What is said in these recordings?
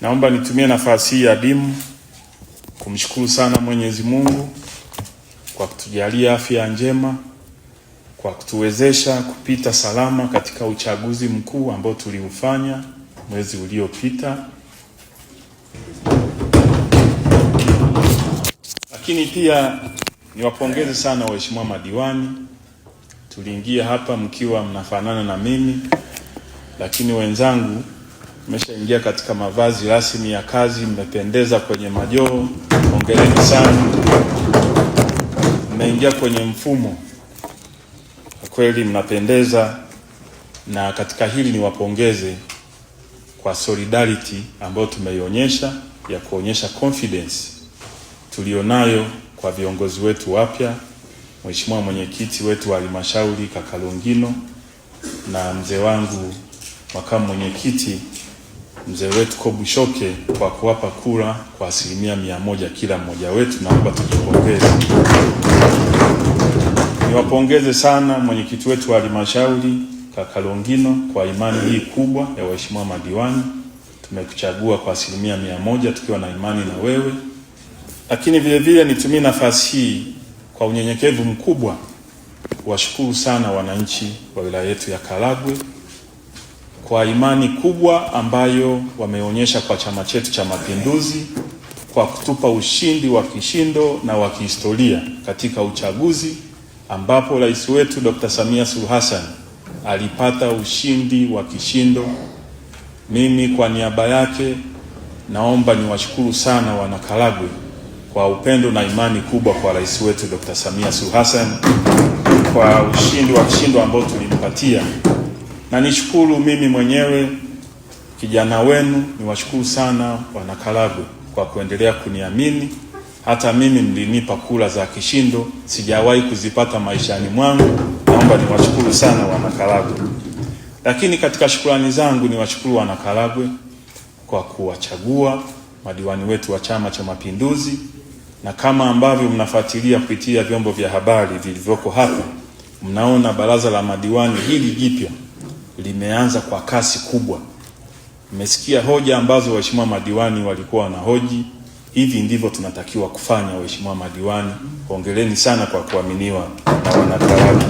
Naomba nitumie nafasi hii adimu kumshukuru sana Mwenyezi Mungu kwa kutujalia afya njema, kwa kutuwezesha kupita salama katika uchaguzi mkuu ambao tuliufanya mwezi uliopita, lakini pia niwapongeze sana waheshimiwa madiwani. Tuliingia hapa mkiwa mnafanana na mimi, lakini wenzangu Mmeshaingia katika mavazi rasmi ya kazi, mmependeza kwenye majoo hongereni sana. Mmeingia kwenye mfumo, kwa kweli mnapendeza, na katika hili niwapongeze kwa solidarity ambayo tumeionyesha ya kuonyesha confidence tulionayo kwa viongozi wetu wapya, Mheshimiwa mwenyekiti wetu wa halmashauri Kakalongino na mzee wangu makamu mwenyekiti mzee wetu Kobushoke kwa kuwapa kura kwa asilimia mia moja kila mmoja wetu, naomba tujipongeze. Niwapongeze sana mwenyekiti wetu wa halmashauri kaka Longino kwa imani hii kubwa ya waheshimiwa madiwani. Tumekuchagua kwa asilimia mia moja tukiwa na imani na wewe, lakini vile vile nitumie nafasi hii kwa unyenyekevu mkubwa washukuru sana wananchi wa wilaya yetu ya Karagwe kwa imani kubwa ambayo wameonyesha kwa chama chetu cha Mapinduzi kwa kutupa ushindi wa kishindo na wa kihistoria katika uchaguzi ambapo rais wetu Dr. Samia Suluhu Hassan alipata ushindi wa kishindo. Mimi kwa niaba yake naomba niwashukuru sana wanakaragwe kwa upendo na imani kubwa kwa rais wetu Dr. Samia Suluhu Hassan kwa ushindi wa kishindo ambao tulimpatia na nishukuru mimi mwenyewe kijana wenu, niwashukuru sana wanakaragwe kwa kuendelea kuniamini. Hata mimi mlinipa kula za kishindo, sijawahi kuzipata maishani mwangu. Naomba niwashukuru sana wanakaragwe. Lakini katika shukrani zangu niwashukuru wanakaragwe kwa kuwachagua madiwani wetu wa Chama cha Mapinduzi, na kama ambavyo mnafuatilia kupitia vyombo vya habari vilivyoko hapa, mnaona baraza la madiwani hili jipya limeanza kwa kasi kubwa. Mmesikia hoja ambazo waheshimiwa madiwani walikuwa na hoji hivi ndivyo tunatakiwa kufanya. Waheshimiwa madiwani, hongereni sana kwa kuaminiwa na wanatawala.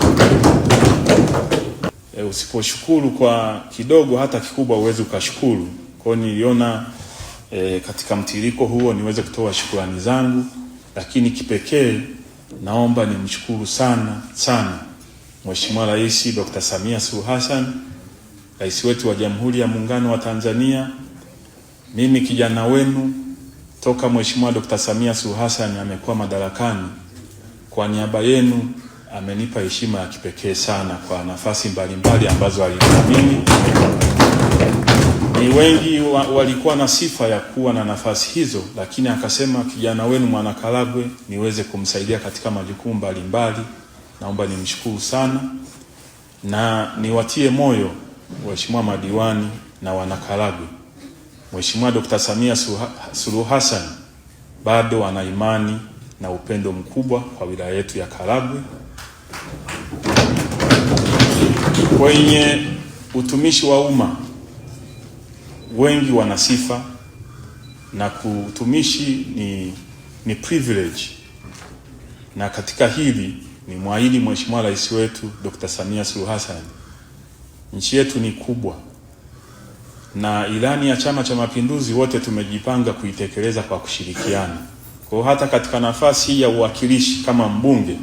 E, usiposhukuru kwa kidogo hata kikubwa huwezi ukashukuru. Kwa hiyo niliona e, katika mtiriko huo niweze kutoa shukurani zangu, lakini kipekee naomba nimshukuru sana sana Mheshimiwa Rais Dr. Samia Suluhu Hassan rais wetu wa Jamhuri ya Muungano wa Tanzania, mimi kijana wenu toka Mheshimiwa Dr. Samia Suluhu Hassan amekuwa madarakani, kwa niaba yenu amenipa heshima ya kipekee sana kwa nafasi mbalimbali ambazo aliniamini. Ni wengi wa, walikuwa na sifa ya kuwa na nafasi hizo, lakini akasema kijana wenu Mwanakaragwe niweze kumsaidia katika majukumu mbalimbali. Naomba nimshukuru sana na niwatie moyo Mheshimiwa madiwani na wanakaragwe, Mheshimiwa Dkt. Samia Suluhu Hassan bado ana imani na upendo mkubwa kwa wilaya yetu ya Karagwe. Kwenye utumishi wa umma wengi wana sifa na kutumishi ni, ni privilege, na katika hili ni mwahidi Mheshimiwa Rais wetu Dkt. Samia Suluhu Hassan Nchi yetu ni kubwa, na ilani ya Chama cha Mapinduzi wote tumejipanga kuitekeleza kwa kushirikiana. Kwa hata katika nafasi hii ya uwakilishi kama mbunge,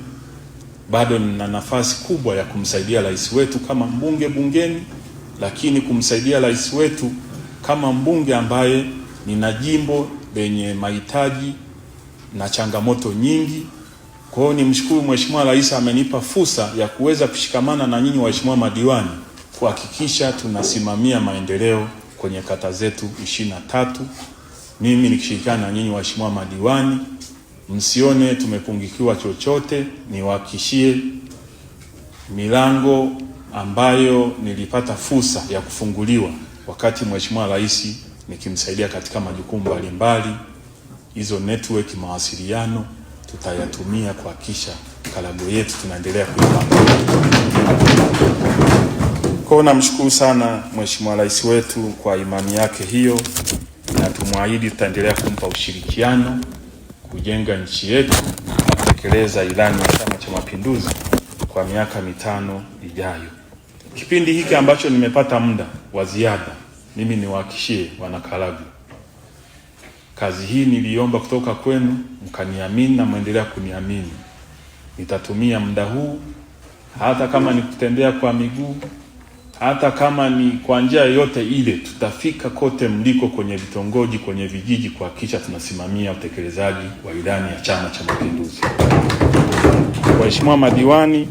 bado nina nafasi kubwa ya kumsaidia rais wetu kama mbunge bungeni, lakini kumsaidia rais wetu kama mbunge ambaye nina jimbo lenye mahitaji na changamoto nyingi. Kwa hiyo nimshukuru Mheshimiwa Rais amenipa fursa ya kuweza kushikamana na nyinyi waheshimiwa madiwani kuhakikisha tunasimamia maendeleo kwenye kata zetu ishirini na tatu. Mimi nikishirikiana na nyinyi waheshimiwa madiwani, msione tumepungikiwa chochote, niwahakikishie milango ambayo nilipata fursa ya kufunguliwa wakati Mheshimiwa Rais nikimsaidia katika majukumu mbalimbali, hizo network mawasiliano tutayatumia kuhakikisha Karagwe yetu tunaendelea kuipa kwao namshukuru sana Mheshimiwa Rais wetu kwa imani yake hiyo, na tumwahidi tutaendelea kumpa ushirikiano kujenga nchi yetu na kutekeleza ilani ya Chama cha Mapinduzi kwa miaka mitano ijayo. Kipindi hiki ambacho nimepata muda wa ziada, mimi niwahakishie Wanakaragu, kazi hii niliomba kutoka kwenu, mkaniamini na mwendelea kuniamini. Nitatumia muda huu hata kama nikutembea kwa miguu hata kama ni kwa njia yote ile, tutafika kote mliko, kwenye vitongoji, kwenye vijiji, kuhakikisha tunasimamia utekelezaji wa ilani ya Chama cha Mapinduzi. Waheshimiwa madiwani,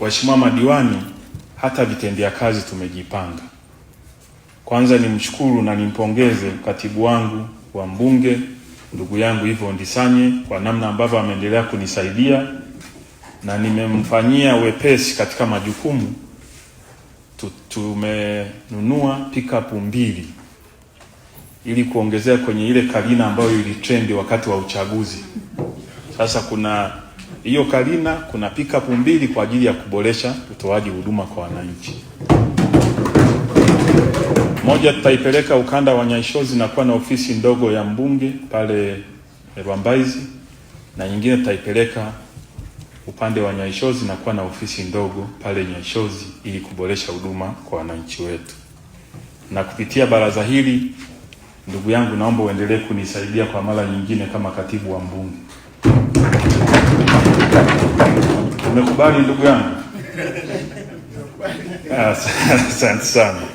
waheshimiwa madiwani, hata vitendea kazi tumejipanga. Kwanza nimshukuru na nimpongeze katibu wangu wa mbunge ndugu yangu hivyo Ndisanye kwa namna ambavyo ameendelea kunisaidia na nimemfanyia wepesi katika majukumu. Tumenunua pickup mbili ili kuongezea kwenye ile Kalina ambayo ilitrendi wakati wa uchaguzi. Sasa kuna hiyo Kalina, kuna pickup mbili kwa ajili ya kuboresha utoaji huduma kwa wananchi. Moja tutaipeleka ukanda wa Nyaishozi na kuwa na ofisi ndogo ya mbunge pale Rwambaizi, na nyingine tutaipeleka upande wa Nyaishozi na kuwa na ofisi ndogo pale Nyaishozi ili kuboresha huduma kwa wananchi wetu. Na kupitia baraza hili, ndugu yangu, naomba uendelee kunisaidia kwa mara nyingine kama katibu wa mbunge. Umekubali ndugu yangu? Asante sana.